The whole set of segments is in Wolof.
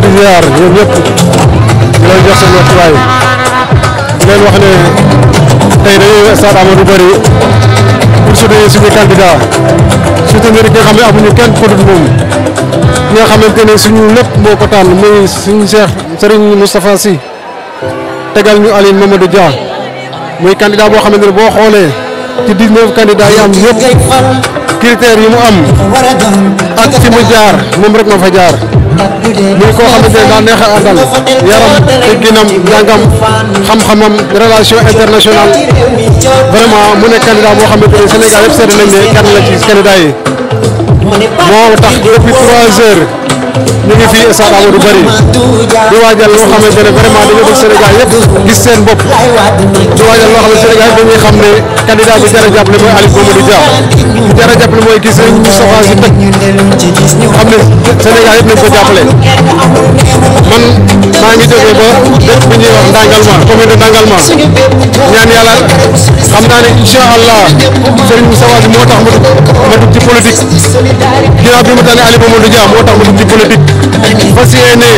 di ziar ñoom ñëpp di leen jox seen wàccuwaay di leen wax ne tey dañuy stade Amadou Barry pour soutenir suñu candidat soutenir ki nga amuñu kenn ku dul moom ki nga suñu muy suñu Cheikh Serigne tegal ñu Aline Mamadou Dia muy candidat boo xamante ne boo ci 19 candidats yi am yëpp yi mu am ak fi mu jaar moom rek ma fa jaar. muy koo xamante ne daa neex a àndal yaram tegginam jàngam xam-xamam relation internationale vraiment mu boo xamante ne Sénégal yëpp seetlu nañ ne kenn la ci candidat yi moo tax depuis trois heures. ñu ngi fii stade Amadou Barry di waajal loo xamante ne vraiment dañoo bëgg Sénégal yëpp gis seen bopp di waajal loo xam ne Sénégal yëpp dañuy xam ne candidat bi jar a jàppale mooy Aliou Mamadou Dia bi jar a jàppale mooy gis nañ Moustapha Sy toj xam ne Sénégal yëpp nañ man maa ngi jógee ba dëkk bi ñuy wax Ndangalma commune de Ndangalma ñaan yàlla xam naa ne incha allah Serigne Moustapha moo tax ma dugg ma dugg ci politique ginnaaw bi mu tànnee Aliou Mamadou Dia moo tax ma dugg ci politique dikk fas yéene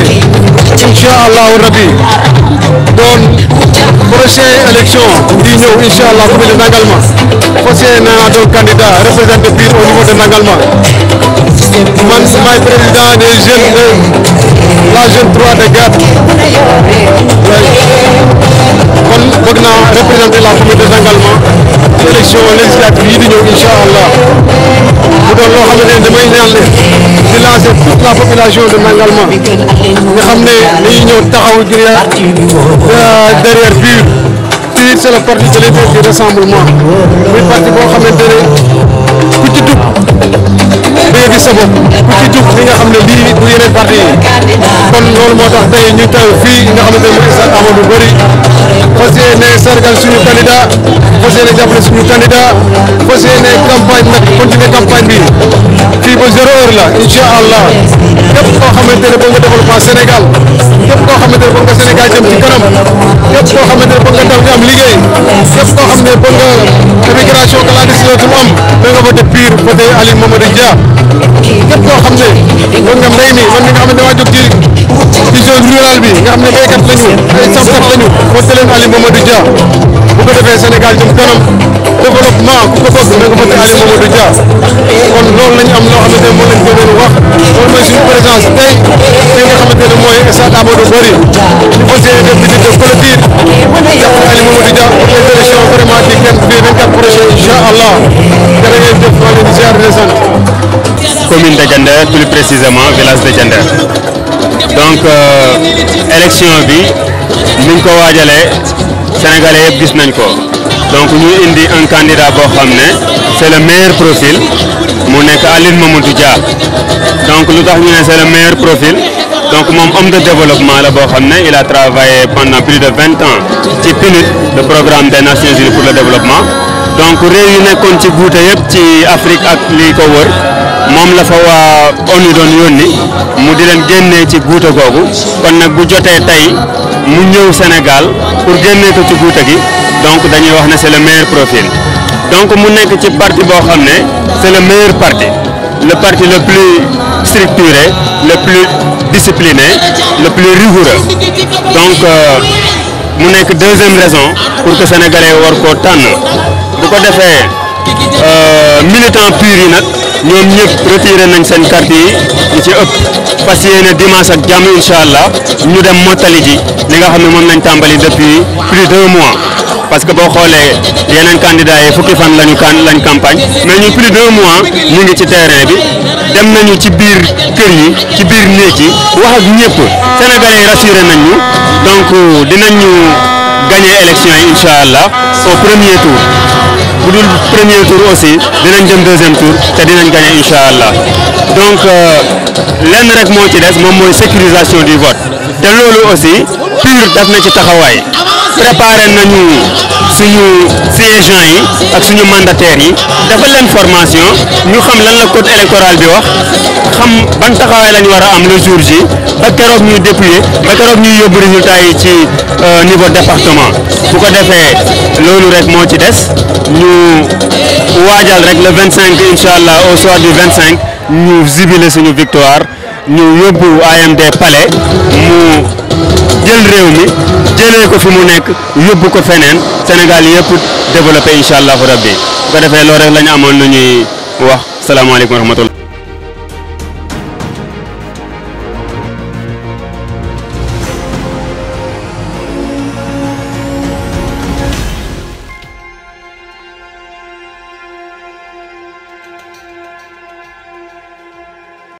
incha allahu rabi doon di ñëw incha allah de Nangalma fas yéene naa candidat représenté fii au niveau de Nangalma man maay président des la jeune 3 de Gat kon bëgg naa la commune de Nangalma ci élection législative yi di ñëw incha allah bu di lancer toute la population de Mangalma nga xam ne dañuy ñëw taxaw euh, derrière derrière Buur fii le parti de l'unité du boo xamante ne ku ci dugg day gis sa bopp ku ci dugg li nga xam ne lii du yeneen parti moo tax tey ñu taw fii nga xamante ne sax Amadou Bari fas yéene sargal suñu candidat fas yéene jàppale suñu candidat fas yéene campagne nag continuer campagne fii ba zéro la incha allah. képp koo xamante ne bëgg nga développement Sénégal képp koo xamante ne bëgg nga Sénégal jëm ci kanam képp koo xamante ne bëgg nga ndaw ñi am liggéey képp koo xam ne bëgg nga bi nga xam ne béykat lañu ay sàmmkat lañu voté leen Aliou Mamadou Dia bu ko defee Sénégal développement ku ko bëgg nga mën a Aliou Mamadou Dia kon loolu la ñu am loo xamante ne moom lañ ko doon wax loolu mooy suñu présence tey tey nga xamante ne mooy stade Amadou Barry ñu fas yéene def visite de clôture jàppale Aliou Mamadou Dia pour les élections vraiment di kenn fii 24 prochain incha allah jërë ngeen jëf maa leen di ziar di sant. commune de Diender plus précisément village de Diender donc euh, élection bi niñ ko waajalee sénégalais yëpp gis nañ ko. donc ñu indi un candidat boo xam ne c'est le meilleur profil mu nekk Aline du jaar donc lu tax ñu ne c'est le meilleur profil donc moom homme de développement la boo xam ne il a travaillé pendant plus de vingt ans ci PNUD le programme des Nations Unies pour le développement donc réew yi nekkoon ci guute yëpp ci Afrique ak lii ko wër moom la fa waa ONU doon yónni mu di leen génnee ci guute googu kon nag bu jotee tey mu ñëw Sénégal pour génnee ko ci guute gi. donc dañuy wax le meilleur profil donc mu parti boo le meilleur parti le parti le plus structuré le plus discipliné le plus rigoureux donc euh, mu nekk deuxième raison pour que sénégalais war koo tànn de ko defee euh, militant pur yi nag ñoom ñëpp retiré nañ seen carte yi ñu ci ëpp fas yéene dimanche ak jàmm incha allah ñu dem mottali ji li nga xam depuis plus de deux mois. parce que boo xoolee yeneen candidats yi fukki fan lañu kan lañ campagne mais ñu plus de deux mois ñu ngi ci terrain bi dem nañu ci biir kër yi ci biir néeg yi wax ak ñëpp sénégalais yi rassuré nañ ñu donc dinañu gagné élection yi incha allah au premier tour bu dul premier tour aussi dinañ jëm deuxième tour te dinañ gagné incha allah donc euh, lenn rek moo ci des moom mooy sécurisation du vote te loolu aussi PUR daf na ci taxawaay. préparé nous préparons les et mandataires. Nous l'information. Nous savons le code électoral. Nous savons que nous avons le jour Nous avons des députés. Nous avons des résultats au euh, niveau département. Pour que nous avons des Nous avons le 25, au soir du 25. Nous avons une victoire. Nous avons des palais. jël réew mi jëlee ko fi mu nekk yóbbu ko feneen Sénégal yëpp développé incha allahu rabbi bu ko defee loolu rek la ñu amoon lu ñuy wax salaamaaleykum wa rahmatullah